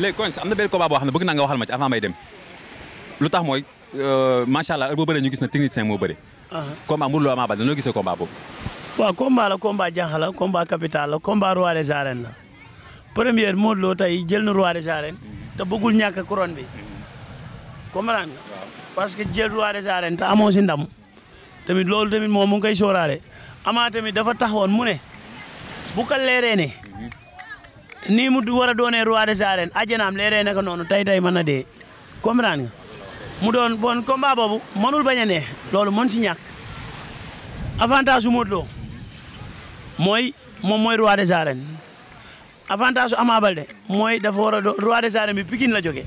léegi Quench am na benn combat boo xam ne bëgg naa waxal ma ci avant may dem lu tax mooy euh, macha allah heure boo bëree ñu gis na technicien moo bëri. Ah. combat Modou Lo Ama Baldé noo gisee combat boobu. waaw combat la combat jànq la combat capital la combat roi des arènes la première Modou Lo tey jël na roi des arènes te bëggul ñàkk bi comprendre nga. parce que jël roi des arènes te ndam tamit loolu tamit moom mu ngi koy sóoraale Ama tamit dafa taxawoon mu ne nii mu war a doonee roi des arènes ajjanaam léeg-léeg noonu tey tey mën na dee comprendre nga mu doon bon combat boobu mënul bañ a loolu mën si ñàkk avantage su Modou mooy moom mooy roi des arènes avantage su Ama mooy dafa war a doon roi des arènes bi Pikine la jógee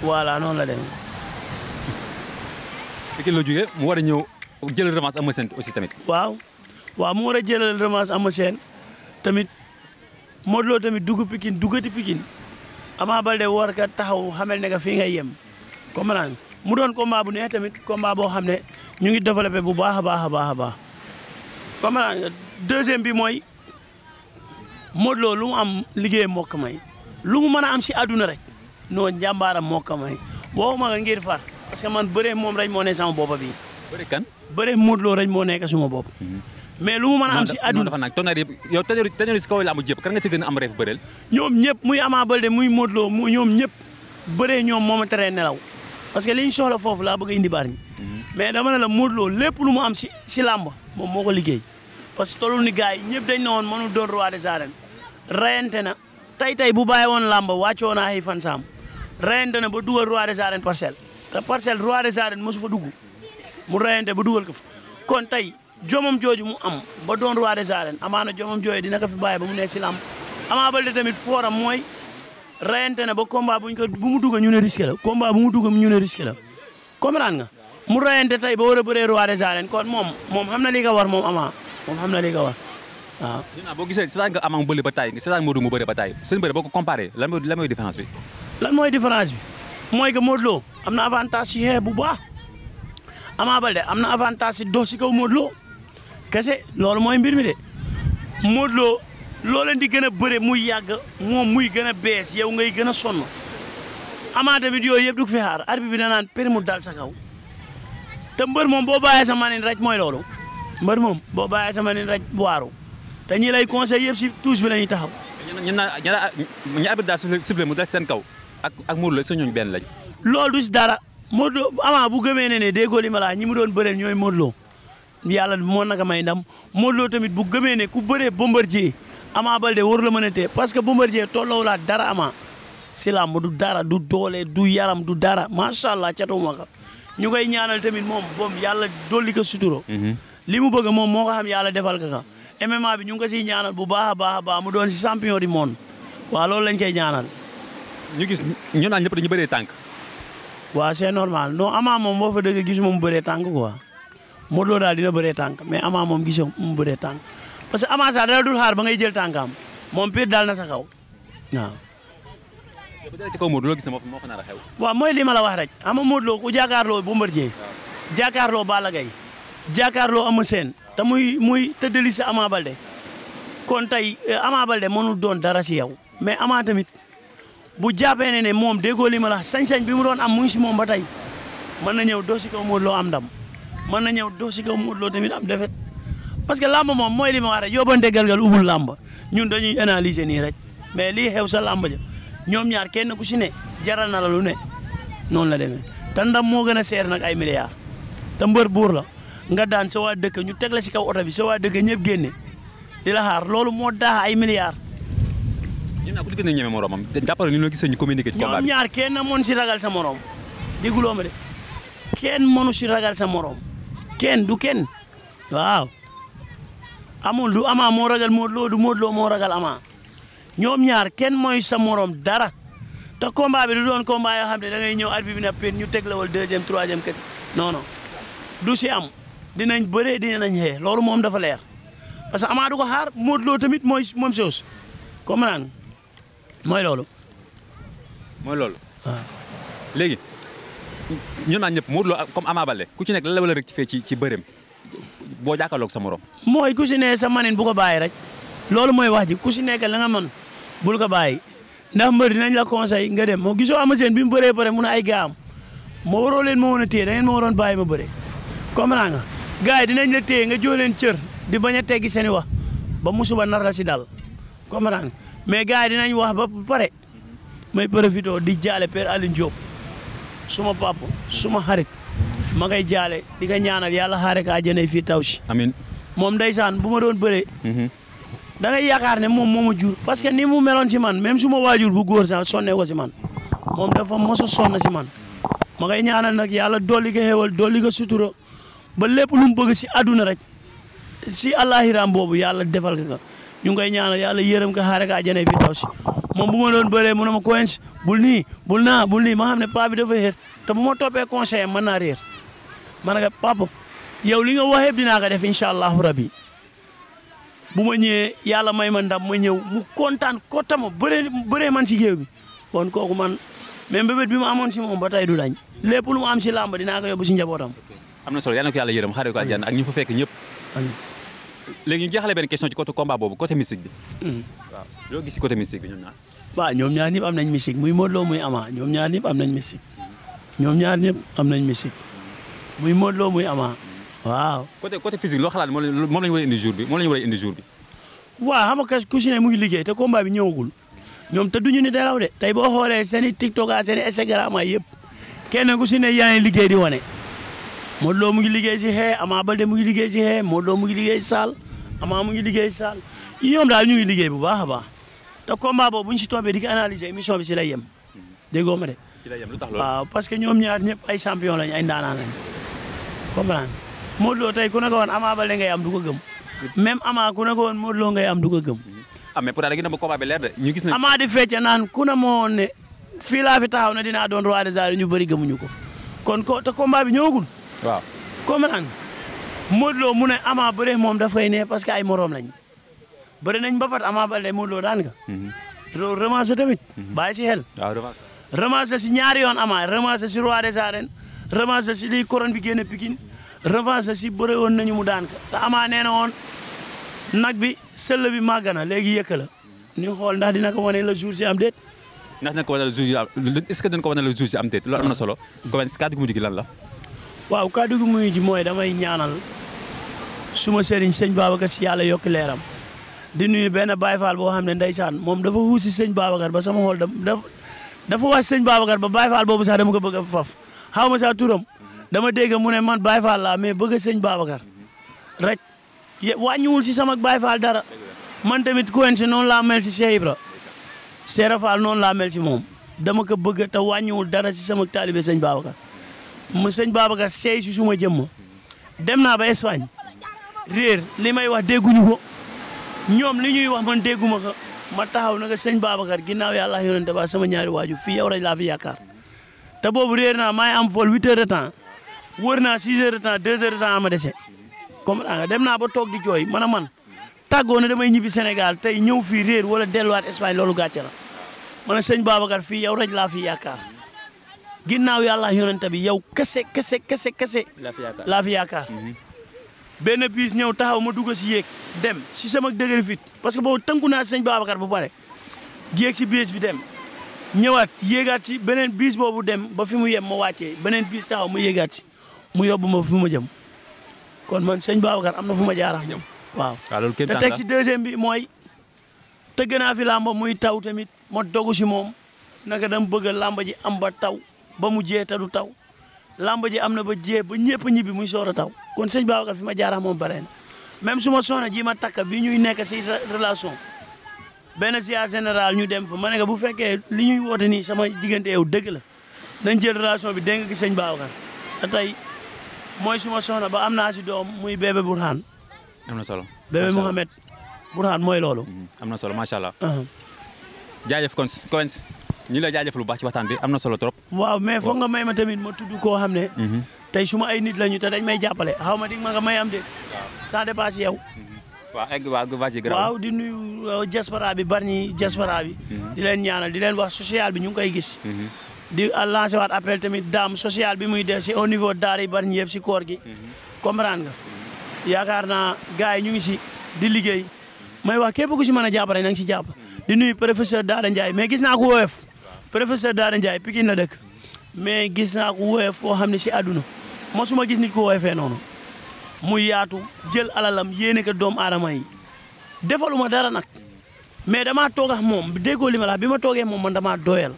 voilà noonu la dem Pikine la jógee mu war a ñëw jël revanche Eumeu tamit. Modou Lo tamit dugg Pikine duggati Pikine Ama Baldé war ka taxaw xamal ne nga fii ngay yem comprendre mu doon combat bu neex tamit combat boo xam ne ñu ngi développé bu baax a baax a baax a baax comprendre nga bi mooy Modou Lo lu am liggéey moo ko may lu mën a am si àdduna rek noonu njàmbaaram moo ko may waxuma nga ngir far parce man bëree moom rek moo ne sama bopp bi. bëri kan bëree Modou Lo moo nekk suma bopp. Mhm. mais lu mu mën a am si àdduna dafa nag tonnerre yëpp yow tonnerre si kaw la amu jëpp kan nga ci a am rêve bëreel ñoom ñëpp muy Ama Baldé muy Modou Lo ñoom ñëpp bëree ñoom mooma teree nelaw parce que li ñu soxla foofu laa bëgg a indi baar ñi mhm. mais dama ne la Modou Lo lépp lu mu am si si moom moo ko liggéey parce que tollu ni gars yi ñëpp dañ ne woon mënul doon roi des arènes rayante na tey tey bu bàyyi woon làmb wàccoo naa ay fan saam rayante na ba dugal roi des arènes parcelle te parcelle roi des arènes mosu fa dugg mu rayante ba dugal ko fa kon tey jomam jooju mu am ba doon roi des arènes na jomam jooju dina ko baa bàyyi ba mu ne si làmb Ama Baldé tamit mooy rayante na ba combat bu ñu ko bu mu dugg ñu ne risqué la combat bu mu dugg ñu ne risqué la comprendre nga mu rayante tey ba war a bëree roi des arènes kon moom moom xam na li ko war moom Ama moom xam na li ko war waaw. dinaa boo gisee seetaan nga Ama mu bëri ba taay seetaan Modou mu bëri ba taay seen bëri boo ko comparé lan mooy lan mooy différence lan mooy différence bi mooy que Modou am na avantage si bu baax am na avantage si si kaw Modou kese loolu mooy mbir mi de Modou Lo loo leen di gën a bëre muy yàgg moom muy gën a bees yow ngay gën a sonn amaa tamit yooyu yëpp du ko fi xaar arbitre bi da naan péri mu dal sa kaw te mbër moom boo bàyyee sa raj mooy loolu mbër moom boo bàyyee sa manin raj waaru te ñi lay conseil yëpp si touche bi la ñuy taxaw. ñu naan ñu arbitre daal sifflé mu dal seen kaw ak ak Modou Lo sa benn lañ. loolu du si dara Modou Lo amaa bu gëmee ne ne déggoo li ma laa ñi mu doon bëreel ñooy Modou yàlla moo naka may ndam Modou Lo tamit bu gëmee ne ku bëree Bombardier Ama Baldé waru la mën a te parce que Bombardier tolloo laa dara Ama si làmb du dara du doolee du yaram du dara macha allah catuma ko ñu koy ñaanal tamit moom boom yàlla dolli ko suturo mhm. li mu bëgg moom moo ko xam yàlla defal ko ka MMA bi ñu ngi ko siy ñaanal bu baa a baax a baax mu doon si champion du monde waaw loolu lañ koy ñaanal. ñu gis ñu naan ñëpp dañu bëree tànk. waaw c'est normal non mu bëree tànk Modou Lo daal dina bëree tànk mais Ama moom gisoo mu bëree tànk parce que Ama sax dara dul xaar ba ngay jël am moom piir daal na sa kaw waaw. yow ba ci kaw Modou Lo gis moo fa mooy li ma la wax rek ama Modou Lo ku jàkkaarloo Bombardier. waaw jàkkaarloo Balla Gaye jàkkaarloo Ama Sène te muy muy tëddali sa Ama Balde kon tey eh, Ama Balde mënul doon dara si yow mais Ama tamit bu jàppee ne ne moom déggoo li ma la sañ-sañ bi mu doon am mu ngi si moom ba tey mën na ñëw doo si kaw Modou Lo am ndam. mën na ñëw doo si kaw Modou Lo tamit defe defet parce que làmb moom mooy li ma wax rek yóbbante galgal ubul làmb ñun dañuy analyser nii rek mais lii xew sa làmb ja ñoom ñaar kenn ku si ne jaral na la lu ne noonu la demee te ndam moo gën a seer nag ay milliards te mbër buur la nga daan sa dëkk ñu teg la si kaw oto bi sa waa dëkk ñëpp génne di la xaar loolu moo daax ay milliards. ñoom ñaar ku ci gën a ñeme moromam jàppale ni ñu la gisee ñu communiqué ci combat bi ñoom kenn mënu si ragal sa moroom dégguloo ma de kenn mënu si ragal sa morom. kenn du kenn waaw amul du ama moo ragal Modou Lo du Modou Lo moo ragal ama ñoom ñaar kenn mooy sa moroom dara te combat bi du doon combat yoo xam ne da ngay ñëw arbitre bi na ñu teg la wal deuxième troisième kat du si am dinañ bëree dinañ xee loolu moom dafa leer parce que amaa du ko xaar Modou Lo tamit mooy même chose comme naan mooy loolu. mooy loolu. waaw ñoom a ñëpp Modou Lo comme Ama Baldé ku ci nekk la la wala rek ci fee ci ci bëreem boo jàkkaarloog sa mooy ku si ne sa manin bu ko bàyyi rek loolu mooy wax ji ku si nekk la nga mën bul ko bàyyi ndax mbër dinañ la conseil nga dem moo gisoo ama seen bi mu bëree mun a ay gaam moo waroo ma woon a téye da ngeen ma waroon bàyyi ma bëre comprends nga gars yi la téye nga joo cër di bañ a teggi seen i wax ba musuba nar la si dal ba pare may profité di jaale suma pap suma xarit ma ngay jaale di ko ñaanal yàlla xaare ko àjjana fii taw si amiin moom ndeysaan bu ma doon bëree mhm. da ngay yaakaar ne moom moom ma jur parce que ni mu meloon si man même suma waajur bu góor sax sonne ko si moom da fa a sonn si man ma ngay ñaanal nag yàlla dolli ko xéwal dolli ko sutura ba lépp lu mu si àdduna rek si àllaaxiraam boobu yàlla defal ko ñu ngi koy ñaanal yàlla yërëm ko xaare ko àjjana fi taw moom bu ma doon bëree mu ne ma coince bul nii bul naa bul nii ma xam ne paa bi dafa réer te bu ma toppee conseil mën naa réer ma ne papa yow li nga wax dinaa ko def incha allahu rabi bu ma ñëwee yàlla may ma ndam ma ñëw mu kontaan kota ma bëree bëree man si géew bi kon kooku man même bébét bi ma amoon si moom ba tey du dañ lépp lu mu am si làmb dinaa ko yóbbu si njabootam. am na solo yal ko yàlla yërëm xaaree ko ak ñi fa fekk ñëpp. léegi ñu jeexale benn question ci côté combat boobu côté mystique bi. Hmm. waaw loo bi ñoom ñaar. waaw ñoom am nañ mystique muy Modou Lo muy Ama ñoom ñaar ñëpp am nañ mystique. ñoom ñaar ñëpp am nañ mystique. muy Modou Lo muy Ama. waaw côté côté loo xalaat moom la moom a indi jour bi moom la ñu a indi jour bi. xam nga ku si ne mu ngi liggéey te combat bi ñëwagul. ñoom te duñu ni daraw de tey boo xoolee seen i TikTok ak seen i Instagram yëpp kenn ku si ne yaa ngi liggéey di wane Modou Lo mu ngi liggéey si xee Ama Baldé mu ngi si xee Modou Lo mu ngi liggéey saal Ama mu ngi liggéey saal ñoom daal ñu ngi liggéey bu baax a baax te combat boobu bu ñu si tombee di ko analyser émission bi si lay yem déggoo ma de. ci lay tax loolu waaw parce que ñoom ñaar ñëpp ay champion lañ ay ndaanaan lañ comprendre Modou Lo tey ku ne ko woon Ama Baldé ngay am du ko gëm même Ama ku ne ko woon Modou loo nga am du ko gëm. Mm-hmm. ah am combat bi leer de ñu gis nañ. Ama di fecce naan ku ne moo woon ne fii laa fi dinaa doon roi ñu bëri gëmuñu ko kon ko te combat bi waaw comprendre Modou Lo mu ne Ama bëre moom daf koy ne que ay moroom lañ bëri nañ mbapat Ama Baldé Modou Lo daan nga. loolu mhm. remancer tamit. Mhm. bàyyi si xel. waaw remancer. si ñaari yoon Ama remancer si roi des arènes remancer si liy couronne bi génn Pikine revanche si bëre woon nañu mu daan ka te Ama nee na woon nag bi sëll bi màgg na léegi yëkk la ñu xool ndax dina ko wane le jour si am déet. ndax dina ko wane le jour si si am déet loolu am solo. Mhm. comment est-ce gi lan la. waaw kàddu gi muy ji mooy damay ñaanal suma sëriñ sëñ Babacar si yàlla yokk leeram di nuyu benn Baye Fall boo xam ne ndeysaan moom dafa wuusi sëñ Babacar ba sama xol dafa dafa wax sëñ Babacar ba Baye Fall boobu sax dama ko bëgg a faf xaw ma saa turam dama dégg mu ne man Baye Fall laa mais bëgg sëñ Babacar rek wàññiwul si sama Baye Fall dara man tamit Coen si noonu laa mel si Cheikh Ibra Serap Fall noonu laa mel moom dama ko bëgg te wàññiwul dara si sama taalibe sëñ Babacar. mu sëñ baaba Babacar seey si suma jëmm dem naa ba Espagne réer li may wax dégguñu ko ñoom li ñuy wax man dégguma ko ma taxaw na sëñ sëñ Babacar ginnaaw yàlla yonente ba sama ñaari waaju fii yow rek laa fi yaakaar te boobu réer naa maay am vol huit heures de temps wër naa six heures de temps deux heures de temps ama dese comme nga dem naa ba toog di jooy man a man tàggoo na damay ñibbi senegal tey ñëw fii réer wala delluwaat Espagne loolu gàcce la man sëñ Babacar fii yow rek laa fi yaakaar ginnaaw yàlla yonent bi yow kese kese kese kese. laa yaakaar mhm. benn biis ñëw taxaw ma dugg si yéeg dem si sama dëgër fit parce que boobu tënku naa si sëñ Babacar bu pare yéeg si biis bi dem ñëwaat yéegaat si beneen biis boobu dem ba fi mu yem ma wàccee beneen biis taxaw ma yéegaat si mu yóbbu ma fu ma jëm kon man sëñ Babacar am na fu ma jaaraam ñëw waaw te teg si deuxième bi mooy tëgg naa fi làmba muy taw tamit ma dogu si moom naka dama bëgg a làmba ji am ba taw ba mu jee te du taw làmb ji am na ba jee ba ñëpp ñibbi muy soor a taw kon sëñ Babacar fi ma jaara moom bare na même su ma soxna ji ma takk bi ñuy nekk si relation benn siyaar général ñu dem fa ma ne ko bu fekkee li ñuy woote nii sama diggante yow dëgg la dañ jël relation bi dégg nga sëñ Babacar te tey mooy suma ma ba am naa si doom muy bébé Burhan. am na solo bébé Mouhamed Burhan mooy loolu. am na solo macha allah. Uh-huh. jaajëf kon ñu la lay jaajëfal bu baax ci waxtaan bi am na solo trop. waaw mais foog nga may ma tamit ma tudd koo am ne. Mhm. tey su ma ay nit lañu ta dañ may jàppale xaw ma di ma nga may am de. ça dépasse yow. Mhm. waaw egg waa di nuyu uh, diaspora bi bari ñi diaspora bi. Mhm. di leen ñaanal di leen wax social bi ñu ngi koy gis. di uh, lancé waat appel tamit daam social bi muy def si au niveau daara yi bari ñi si koor gi. comprendre nga. yaakaar naa gars yi ñu ngi si di liggéey. may wax képp ku si man a jàpp rek na nga si jàpp. di nuyu professeur Daara professeur Daara Ndiaye Pikine la dëkk mais gis naa ko woyof koo xam ne si àdduna ma gis nit ko woyofee noonu mu yaatu jël alalam yéene ka doom aadama yi defalu ma dara nag mais damaa toog ak moom déggoo li ma la bi ma toogee moom man damaa doyal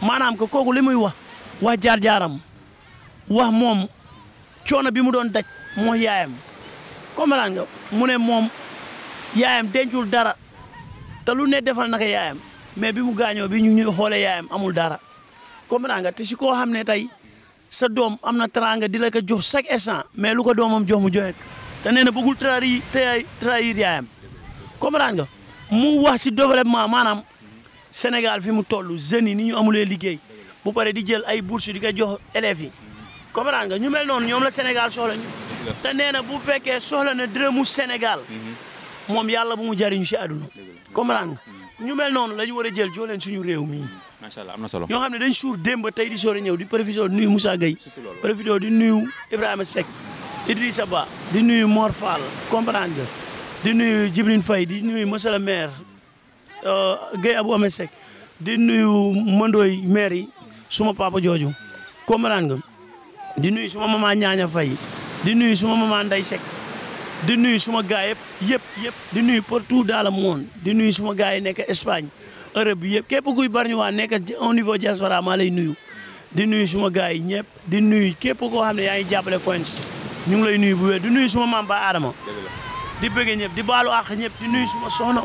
maanaam que kooku li muy wax wax jaar-jaaram wax moom coono bi mu doon daj moo yaayam comprendre nga mu ne moom yaayam dencul dara te lu ne defal naka yaayam mais bi mu gaañoo bi ñu ñuy xoolee yaayam amul dara comprendre nga si koo xam ne tey sa doom am na teraanga di la ko jox chaque instant mais lu ko doomam jox mu joxe te nee na bëggul trahir trahir yaayam comprendre nga mu wax si développement maanaam Sénégal fi mu toll jeunes yi ni ñu amulee liggéey bu pare di jël ay bourse di ko jox élèves yi comprendre ñu mel noonu ñoom la Sénégal soxla ñu te nee na bu fekkee soxla na dërëmu Sénégal moom yàlla bu mu jariñu si àdduna comprendre nga ñu mel noonu la ñu war a jël jooleen leen suñu réew mi macha allah na solo ñoo xam ne dañ suur démb tey di soore ñëw di profité di nuyu Moussa Gueye profité di nuyu Ibrahima sek Idrissa di nuyu Mor Fall comprendre nga di nuyu Djibril Faye di nuyu monsieur le maire euh, Guèye Abou Amé Seck di nuyu mandooy maire yi suma papa jooju comprendre nga di nuyu suma maman Ñaaña Faye di nuyu suma maman Ndeye Seck di nuyu suma gaay yëpp yëpp yëpp di nuyu partout dans le monde di nuyu suma gaay yi nekk Espagne Europe bi yëpp képp kuy Bargny-Waan nekk au niveau diaspora maa lay nuyu di nuyu suma gaay yi ñëpp di nuyu képp koo xam ne yaa ngi jàppale Quench ñu ngi lay nuyu bu wér di nuyu suma maam ba Adama di bëgg ñëpp di baalu àq ñëpp di nuyu suma soxna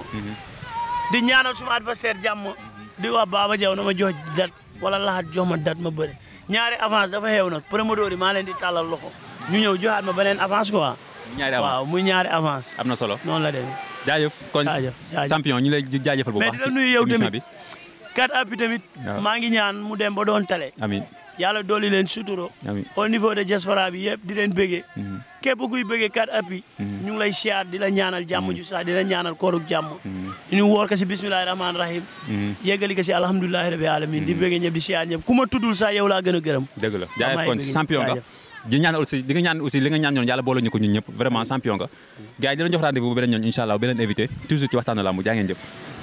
di ñaanal suma adversaire jàmm di wax baaba Jaw na ma jox dat wala laxat jox ma dat ma bëri ñaari avance dafa xew nag promoteur yi maa leen di tàllal loxo ñu ñëw joxaat ma beneen avance quoi ñaari avance waaw muy ñaari avance. am na solo noonu la demee. jaajëf kon champion ñu lay jaajëfal bu baax. mais di la nuyu yow tamit kat ab bi tamit. maa ngi ñaan mu dem ba doon tale. amiin yàlla dooli leen suturo au niveau de diaspora bi yëpp di leen bëggee. Mhm. képp kuy bëggee kat ab bi. ñu ngi lay siyaar di la ñaanal jàmm mhm. ju sax di la ñaanal kooruk jàmm. Mhm. ñu woor ko si bismillahi rahmaani rahim. yeggali ko si alhamdulilahi rabi alamin di bëggee ñëpp di siyaar ñëpp ku ma tuddul sax yow laa gën a gërëm. dëgg la jaajëf kon champion di ñaan aussi di nga ñaan aussi ñoon yàlla boole ñu ko ñun ñëpp vraiment champion nga gars yi dinañ jox bu beneen ñoon incha allah beneen invité toujours ci waxtaanu làmb jaa ngeen jëf